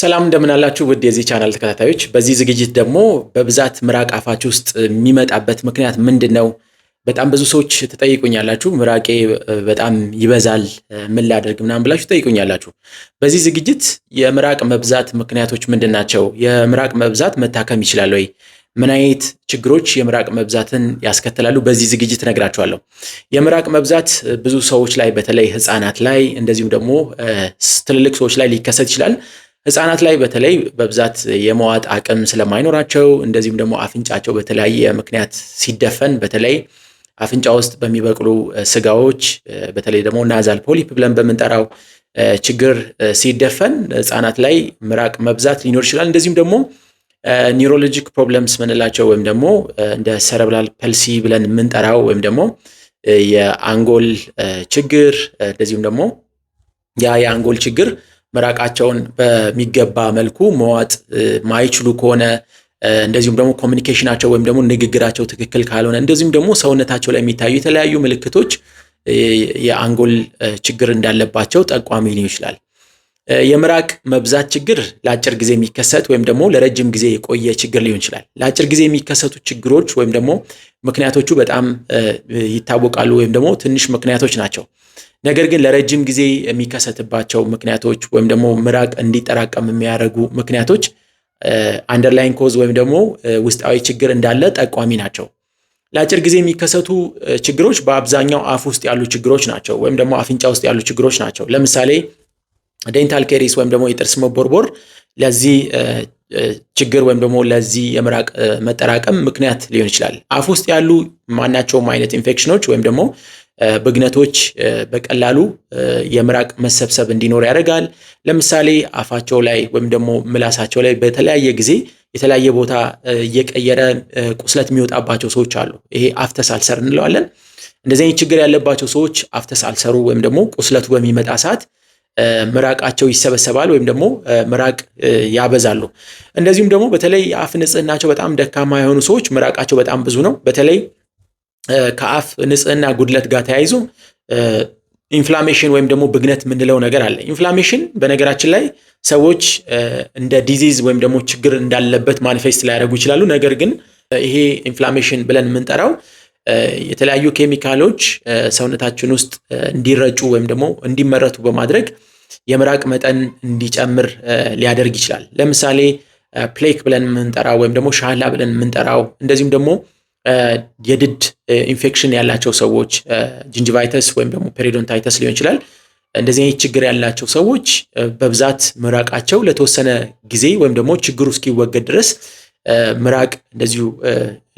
ሰላም እንደምናላችሁ ውድ የዚህ ቻናል ተከታታዮች፣ በዚህ ዝግጅት ደግሞ በብዛት ምራቅ አፋች ውስጥ የሚመጣበት ምክንያት ምንድን ነው? በጣም ብዙ ሰዎች ትጠይቁኛላችሁ። ምራቄ በጣም ይበዛል ምን ላደርግ ምናምን ብላችሁ ትጠይቁኛላችሁ። በዚህ ዝግጅት የምራቅ መብዛት ምክንያቶች ምንድን ናቸው? የምራቅ መብዛት መታከም ይችላል ወይ? ምን አይነት ችግሮች የምራቅ መብዛትን ያስከትላሉ? በዚህ ዝግጅት ነግራችኋለሁ። የምራቅ መብዛት ብዙ ሰዎች ላይ በተለይ ሕፃናት ላይ እንደዚሁም ደግሞ ትልልቅ ሰዎች ላይ ሊከሰት ይችላል። ህጻናት ላይ በተለይ በብዛት የመዋጥ አቅም ስለማይኖራቸው እንደዚሁም ደግሞ አፍንጫቸው በተለያየ ምክንያት ሲደፈን በተለይ አፍንጫ ውስጥ በሚበቅሉ ስጋዎች በተለይ ደግሞ ናዛል ፖሊፕ ብለን በምንጠራው ችግር ሲደፈን ህጻናት ላይ ምራቅ መብዛት ሊኖር ይችላል። እንደዚሁም ደግሞ ኒውሮሎጂክ ፕሮብለምስ ምንላቸው ወይም ደግሞ እንደ ሰረብላል ፐልሲ ብለን የምንጠራው ወይም ደግሞ የአንጎል ችግር እንደዚሁም ደግሞ ያ የአንጎል ችግር ምራቃቸውን በሚገባ መልኩ መዋጥ ማይችሉ ከሆነ እንደዚሁም ደግሞ ኮሚኒኬሽናቸው ወይም ደግሞ ንግግራቸው ትክክል ካልሆነ እንደዚሁም ደግሞ ሰውነታቸው ላይ የሚታዩ የተለያዩ ምልክቶች የአንጎል ችግር እንዳለባቸው ጠቋሚ ሊሆን ይችላል። የምራቅ መብዛት ችግር ለአጭር ጊዜ የሚከሰት ወይም ደግሞ ለረጅም ጊዜ የቆየ ችግር ሊሆን ይችላል። ለአጭር ጊዜ የሚከሰቱ ችግሮች ወይም ደግሞ ምክንያቶቹ በጣም ይታወቃሉ ወይም ደግሞ ትንሽ ምክንያቶች ናቸው። ነገር ግን ለረጅም ጊዜ የሚከሰትባቸው ምክንያቶች ወይም ደግሞ ምራቅ እንዲጠራቀም የሚያደርጉ ምክንያቶች አንደርላይን ኮዝ ወይም ደግሞ ውስጣዊ ችግር እንዳለ ጠቋሚ ናቸው። ለአጭር ጊዜ የሚከሰቱ ችግሮች በአብዛኛው አፍ ውስጥ ያሉ ችግሮች ናቸው፣ ወይም ደግሞ አፍንጫ ውስጥ ያሉ ችግሮች ናቸው። ለምሳሌ ዴንታል ኬሪስ ወይም ደግሞ የጥርስ መቦርቦር ለዚህ ችግር ወይም ደግሞ ለዚህ የምራቅ መጠራቀም ምክንያት ሊሆን ይችላል። አፍ ውስጥ ያሉ ማናቸውም አይነት ኢንፌክሽኖች ወይም ደግሞ ብግነቶች በቀላሉ የምራቅ መሰብሰብ እንዲኖር ያደርጋል። ለምሳሌ አፋቸው ላይ ወይም ደግሞ ምላሳቸው ላይ በተለያየ ጊዜ የተለያየ ቦታ እየቀየረ ቁስለት የሚወጣባቸው ሰዎች አሉ። ይሄ አፍተስ አልሰር እንለዋለን። እንደዚህ አይነት ችግር ያለባቸው ሰዎች አፍተስ አልሰሩ ወይም ደግሞ ቁስለቱ በሚመጣ ሰዓት ምራቃቸው ይሰበሰባል ወይም ደግሞ ምራቅ ያበዛሉ። እንደዚሁም ደግሞ በተለይ የአፍ ንጽህናቸው በጣም ደካማ የሆኑ ሰዎች ምራቃቸው በጣም ብዙ ነው። በተለይ ከአፍ ንጽህና ጉድለት ጋር ተያይዞ ኢንፍላሜሽን ወይም ደግሞ ብግነት የምንለው ነገር አለ። ኢንፍላሜሽን በነገራችን ላይ ሰዎች እንደ ዲዚዝ ወይም ደግሞ ችግር እንዳለበት ማኒፌስት ሊያደርጉ ይችላሉ። ነገር ግን ይሄ ኢንፍላሜሽን ብለን የምንጠራው የተለያዩ ኬሚካሎች ሰውነታችን ውስጥ እንዲረጩ ወይም ደግሞ እንዲመረቱ በማድረግ የምራቅ መጠን እንዲጨምር ሊያደርግ ይችላል። ለምሳሌ ፕሌክ ብለን የምንጠራው ወይም ደግሞ ሻህላ ብለን የምንጠራው እንደዚሁም ደግሞ የድድ ኢንፌክሽን ያላቸው ሰዎች ጅንጅቫይተስ ወይም ደግሞ ፔሪዶንታይተስ ሊሆን ይችላል። እንደዚህ አይነት ችግር ያላቸው ሰዎች በብዛት ምራቃቸው ለተወሰነ ጊዜ ወይም ደግሞ ችግሩ እስኪወገድ ድረስ ምራቅ እንደዚሁ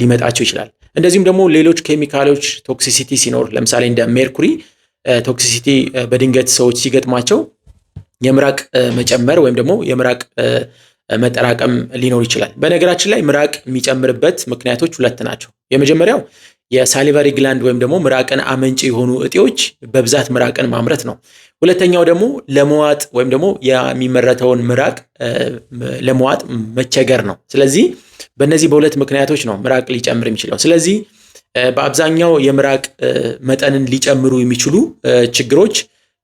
ሊመጣቸው ይችላል። እንደዚሁም ደግሞ ሌሎች ኬሚካሎች ቶክሲሲቲ ሲኖር ለምሳሌ እንደ ሜርኩሪ ቶክሲሲቲ በድንገት ሰዎች ሲገጥማቸው የምራቅ መጨመር ወይም ደግሞ የምራቅ መጠራቀም ሊኖር ይችላል። በነገራችን ላይ ምራቅ የሚጨምርበት ምክንያቶች ሁለት ናቸው። የመጀመሪያው የሳሊቨሪ ግላንድ ወይም ደግሞ ምራቅን አመንጭ የሆኑ እጤዎች በብዛት ምራቅን ማምረት ነው። ሁለተኛው ደግሞ ለመዋጥ ወይም ደግሞ የሚመረተውን ምራቅ ለመዋጥ መቸገር ነው። ስለዚህ በእነዚህ በሁለት ምክንያቶች ነው ምራቅ ሊጨምር የሚችለው። ስለዚህ በአብዛኛው የምራቅ መጠንን ሊጨምሩ የሚችሉ ችግሮች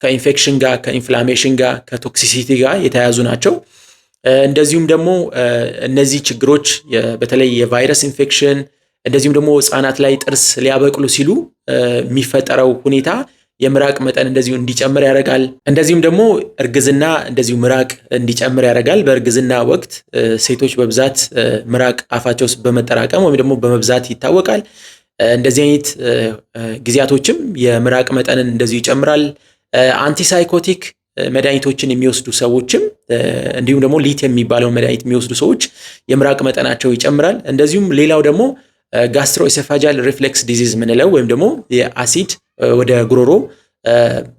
ከኢንፌክሽን ጋር፣ ከኢንፍላሜሽን ጋር፣ ከቶክሲሲቲ ጋር የተያያዙ ናቸው። እንደዚሁም ደግሞ እነዚህ ችግሮች በተለይ የቫይረስ ኢንፌክሽን እንደዚሁም ደግሞ ህጻናት ላይ ጥርስ ሊያበቅሉ ሲሉ የሚፈጠረው ሁኔታ የምራቅ መጠን እንደዚሁ እንዲጨምር ያደርጋል። እንደዚሁም ደግሞ እርግዝና እንደዚሁ ምራቅ እንዲጨምር ያደርጋል። በእርግዝና ወቅት ሴቶች በብዛት ምራቅ አፋቸው ውስጥ በመጠራቀም ወይም ደግሞ በመብዛት ይታወቃል። እንደዚህ አይነት ጊዜያቶችም የምራቅ መጠንን እንደዚሁ ይጨምራል። አንቲሳይኮቲክ መድኃኒቶችን የሚወስዱ ሰዎችም እንዲሁም ደግሞ ሊት የሚባለውን መድኃኒት የሚወስዱ ሰዎች የምራቅ መጠናቸው ይጨምራል። እንደዚሁም ሌላው ደግሞ ጋስትሮኤሴፋጃል ሪፍሌክስ ዲዚዝ ምንለው ወይም ደግሞ የአሲድ ወደ ጉሮሮ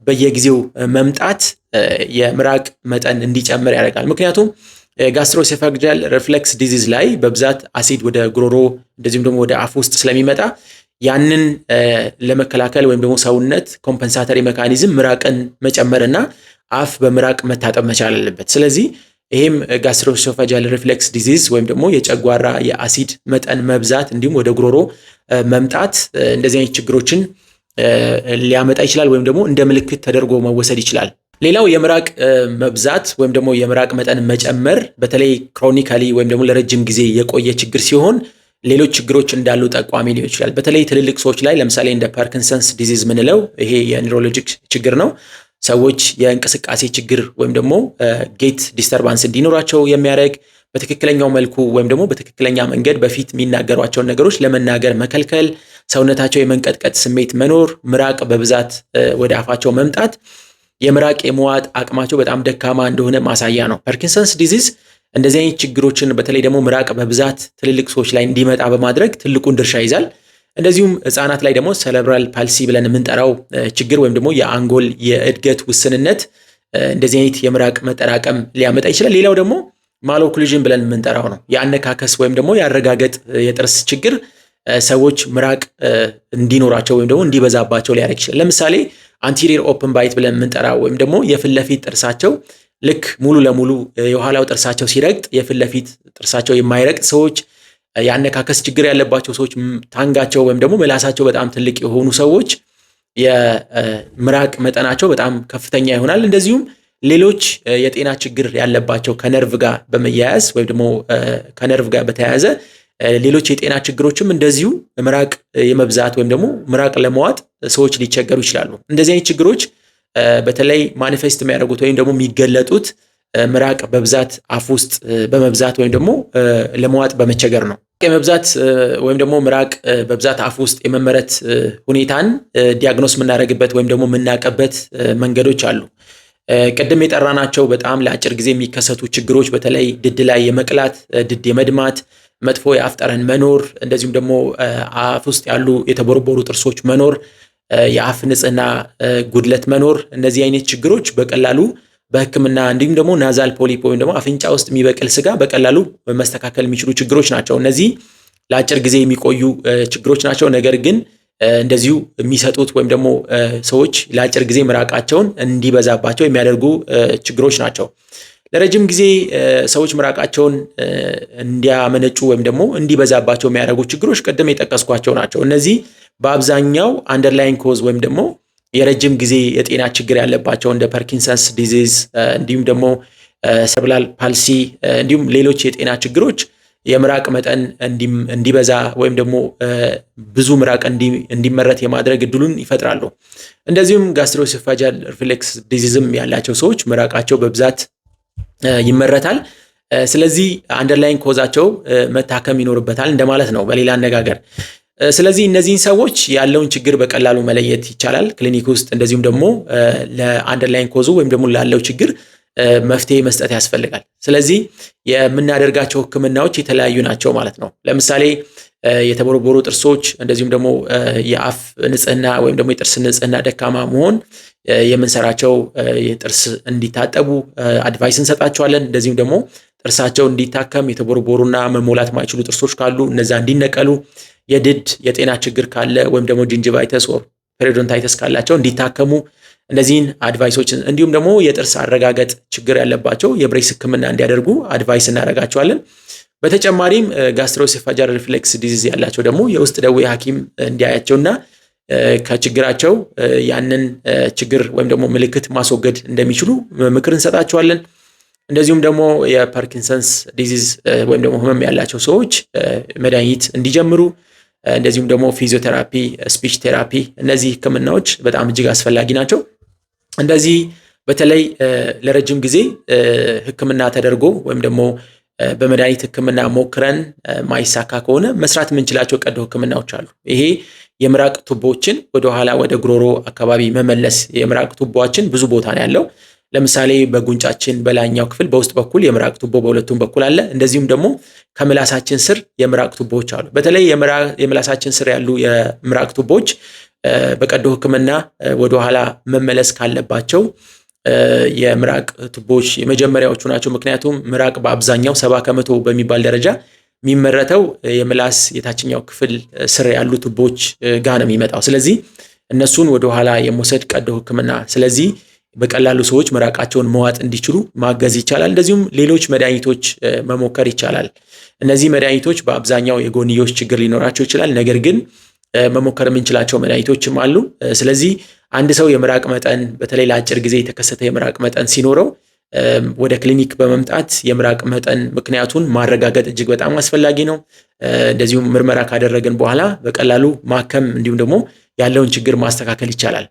በየጊዜው መምጣት የምራቅ መጠን እንዲጨምር ያደርጋል። ምክንያቱም ጋስትሮሴፋጃል ሪፍሌክስ ዲዚዝ ላይ በብዛት አሲድ ወደ ጉሮሮ እንደዚሁም ደግሞ ወደ አፍ ውስጥ ስለሚመጣ ያንን ለመከላከል ወይም ደግሞ ሰውነት ኮምፐንሳተሪ መካኒዝም ምራቅን መጨመር እና አፍ በምራቅ መታጠብ መቻል አለበት። ስለዚህ ይህም ጋስትሮሶፋጃል ሪፍሌክስ ዲዚዝ ወይም ደግሞ የጨጓራ የአሲድ መጠን መብዛት እንዲሁም ወደ ጉሮሮ መምጣት እንደዚህ አይነት ችግሮችን ሊያመጣ ይችላል ወይም ደግሞ እንደ ምልክት ተደርጎ መወሰድ ይችላል። ሌላው የምራቅ መብዛት ወይም ደግሞ የምራቅ መጠን መጨመር በተለይ ክሮኒካሊ ወይም ደግሞ ለረጅም ጊዜ የቆየ ችግር ሲሆን ሌሎች ችግሮች እንዳሉ ጠቋሚ ሊሆን ይችላል። በተለይ ትልልቅ ሰዎች ላይ ለምሳሌ እንደ ፓርኪንሰንስ ዲዚዝ ምንለው ይሄ የኒውሮሎጂክ ችግር ነው። ሰዎች የእንቅስቃሴ ችግር ወይም ደግሞ ጌት ዲስተርባንስ እንዲኖራቸው የሚያደርግ በትክክለኛው መልኩ ወይም ደግሞ በትክክለኛ መንገድ በፊት የሚናገሯቸውን ነገሮች ለመናገር መከልከል፣ ሰውነታቸው የመንቀጥቀጥ ስሜት መኖር፣ ምራቅ በብዛት ወደ አፋቸው መምጣት፣ የምራቅ የመዋጥ አቅማቸው በጣም ደካማ እንደሆነ ማሳያ ነው። ፐርኪንሰንስ ዲዚዝ እንደዚህ አይነት ችግሮችን በተለይ ደግሞ ምራቅ በብዛት ትልልቅ ሰዎች ላይ እንዲመጣ በማድረግ ትልቁን ድርሻ ይዛል። እንደዚሁም ህጻናት ላይ ደግሞ ሰለብራል ፓልሲ ብለን የምንጠራው ችግር ወይም ደግሞ የአንጎል የእድገት ውስንነት እንደዚህ አይነት የምራቅ መጠራቀም ሊያመጣ ይችላል። ሌላው ደግሞ ማሎኩሊዥን ብለን የምንጠራው ነው። የአነካከስ ወይም ደግሞ የአረጋገጥ የጥርስ ችግር ሰዎች ምራቅ እንዲኖራቸው ወይም ደግሞ እንዲበዛባቸው ሊያደርግ ይችላል። ለምሳሌ አንቲሪየር ኦፕን ባይት ብለን የምንጠራው ወይም ደግሞ የፊት ለፊት ጥርሳቸው ልክ ሙሉ ለሙሉ የኋላው ጥርሳቸው ሲረግጥ የፊት ለፊት ጥርሳቸው የማይረግጥ ሰዎች የአነካከስ ችግር ያለባቸው ሰዎች ታንጋቸው ወይም ደግሞ መላሳቸው በጣም ትልቅ የሆኑ ሰዎች የምራቅ መጠናቸው በጣም ከፍተኛ ይሆናል። እንደዚሁም ሌሎች የጤና ችግር ያለባቸው ከነርቭ ጋር በመያያዝ ወይም ደግሞ ከነርቭ ጋር በተያያዘ ሌሎች የጤና ችግሮችም እንደዚሁ ምራቅ የመብዛት ወይም ደግሞ ምራቅ ለመዋጥ ሰዎች ሊቸገሩ ይችላሉ። እንደዚህ አይነት ችግሮች በተለይ ማኒፌስት የሚያደርጉት ወይም ደግሞ የሚገለጡት ምራቅ በብዛት አፍ ውስጥ በመብዛት ወይም ደግሞ ለመዋጥ በመቸገር ነው። የመብዛት ወይም ደግሞ ምራቅ በብዛት አፍ ውስጥ የመመረት ሁኔታን ዲያግኖስ የምናደርግበት ወይም ደግሞ የምናውቅበት መንገዶች አሉ። ቅድም የጠራናቸው በጣም ለአጭር ጊዜ የሚከሰቱ ችግሮች በተለይ ድድ ላይ የመቅላት፣ ድድ የመድማት፣ መጥፎ የአፍ ጠረን መኖር፣ እንደዚሁም ደግሞ አፍ ውስጥ ያሉ የተቦረቦሩ ጥርሶች መኖር፣ የአፍ ንጽህና ጉድለት መኖር፣ እነዚህ አይነት ችግሮች በቀላሉ በህክምና እንዲሁም ደግሞ ናዛል ፖሊፕ ወይም ደግሞ አፍንጫ ውስጥ የሚበቅል ስጋ በቀላሉ መስተካከል የሚችሉ ችግሮች ናቸው። እነዚህ ለአጭር ጊዜ የሚቆዩ ችግሮች ናቸው። ነገር ግን እንደዚሁ የሚሰጡት ወይም ደግሞ ሰዎች ለአጭር ጊዜ ምራቃቸውን እንዲበዛባቸው የሚያደርጉ ችግሮች ናቸው። ለረጅም ጊዜ ሰዎች ምራቃቸውን እንዲያመነጩ ወይም ደግሞ እንዲበዛባቸው የሚያደርጉ ችግሮች ቅድም የጠቀስኳቸው ናቸው። እነዚህ በአብዛኛው አንደርላይን ኮዝ ወይም ደግሞ የረጅም ጊዜ የጤና ችግር ያለባቸው እንደ ፐርኪንሰንስ ዲዚዝ እንዲሁም ደግሞ ሰብላል ፓልሲ እንዲሁም ሌሎች የጤና ችግሮች የምራቅ መጠን እንዲበዛ ወይም ደግሞ ብዙ ምራቅ እንዲመረት የማድረግ እድሉን ይፈጥራሉ። እንደዚሁም ጋስትሮሴፋጃል ሪፍሌክስ ዲዚዝም ያላቸው ሰዎች ምራቃቸው በብዛት ይመረታል። ስለዚህ አንደርላይን ኮዛቸው መታከም ይኖርበታል እንደማለት ነው በሌላ አነጋገር ስለዚህ እነዚህን ሰዎች ያለውን ችግር በቀላሉ መለየት ይቻላል ክሊኒክ ውስጥ። እንደዚሁም ደግሞ ለአንደርላይን ኮዙ ወይም ደግሞ ላለው ችግር መፍትሄ መስጠት ያስፈልጋል። ስለዚህ የምናደርጋቸው ህክምናዎች የተለያዩ ናቸው ማለት ነው። ለምሳሌ የተቦረቦሩ ጥርሶች፣ እንደዚሁም ደግሞ የአፍ ንጽህና ወይም ደግሞ የጥርስ ንጽህና ደካማ መሆን የምንሰራቸው የጥርስ እንዲታጠቡ አድቫይስ እንሰጣቸዋለን። እንደዚሁም ደግሞ ጥርሳቸው እንዲታከም የተቦርቦሩና መሞላት ማይችሉ ጥርሶች ካሉ እነዛ እንዲነቀሉ፣ የድድ የጤና ችግር ካለ ወይም ደግሞ ጅንጅባይተስ ወር ፔሪዶንታይተስ ካላቸው እንዲታከሙ እነዚህን አድቫይሶች እንዲሁም ደግሞ የጥርስ አረጋገጥ ችግር ያለባቸው የብሬስ ሕክምና እንዲያደርጉ አድቫይስ እናደርጋቸዋለን። በተጨማሪም ጋስትሮሴፋጃል ሪፍሌክስ ዲዚዝ ያላቸው ደግሞ የውስጥ ደዌ ሐኪም እንዲያያቸውና ከችግራቸው ያንን ችግር ወይም ደግሞ ምልክት ማስወገድ እንደሚችሉ ምክር እንሰጣቸዋለን። እንደዚሁም ደግሞ የፓርኪንሰንስ ዲዚዝ ወይም ደግሞ ህመም ያላቸው ሰዎች መድኃኒት እንዲጀምሩ እንደዚሁም ደግሞ ፊዚዮቴራፒ፣ ስፒች ቴራፒ እነዚህ ህክምናዎች በጣም እጅግ አስፈላጊ ናቸው። እንደዚህ በተለይ ለረጅም ጊዜ ህክምና ተደርጎ ወይም ደግሞ በመድኃኒት ህክምና ሞክረን ማይሳካ ከሆነ መስራት የምንችላቸው ቀዶ ህክምናዎች አሉ። ይሄ የምራቅ ቱቦዎችን ወደኋላ ወደ ጉሮሮ አካባቢ መመለስ። የምራቅ ቱቦችን ብዙ ቦታ ነው ያለው ለምሳሌ በጉንጫችን በላይኛው ክፍል በውስጥ በኩል የምራቅ ቱቦ በሁለቱም በኩል አለ። እንደዚሁም ደግሞ ከምላሳችን ስር የምራቅ ቱቦዎች አሉ። በተለይ የምላሳችን ስር ያሉ የምራቅ ቱቦዎች በቀዶ ሕክምና ወደኋላ መመለስ ካለባቸው የምራቅ ቱቦዎች የመጀመሪያዎቹ ናቸው። ምክንያቱም ምራቅ በአብዛኛው ሰባ ከመቶ በሚባል ደረጃ የሚመረተው የምላስ የታችኛው ክፍል ስር ያሉ ቱቦዎች ጋር ነው የሚመጣው። ስለዚህ እነሱን ወደኋላ የመውሰድ ቀዶ ሕክምና ስለዚህ በቀላሉ ሰዎች ምራቃቸውን መዋጥ እንዲችሉ ማገዝ ይቻላል። እንደዚሁም ሌሎች መድኃኒቶች መሞከር ይቻላል። እነዚህ መድኃኒቶች በአብዛኛው የጎንዮሽ ችግር ሊኖራቸው ይችላል። ነገር ግን መሞከር የምንችላቸው መድኃኒቶችም አሉ። ስለዚህ አንድ ሰው የምራቅ መጠን በተለይ ለአጭር ጊዜ የተከሰተ የምራቅ መጠን ሲኖረው ወደ ክሊኒክ በመምጣት የምራቅ መጠን ምክንያቱን ማረጋገጥ እጅግ በጣም አስፈላጊ ነው። እንደዚሁም ምርመራ ካደረግን በኋላ በቀላሉ ማከም እንዲሁም ደግሞ ያለውን ችግር ማስተካከል ይቻላል።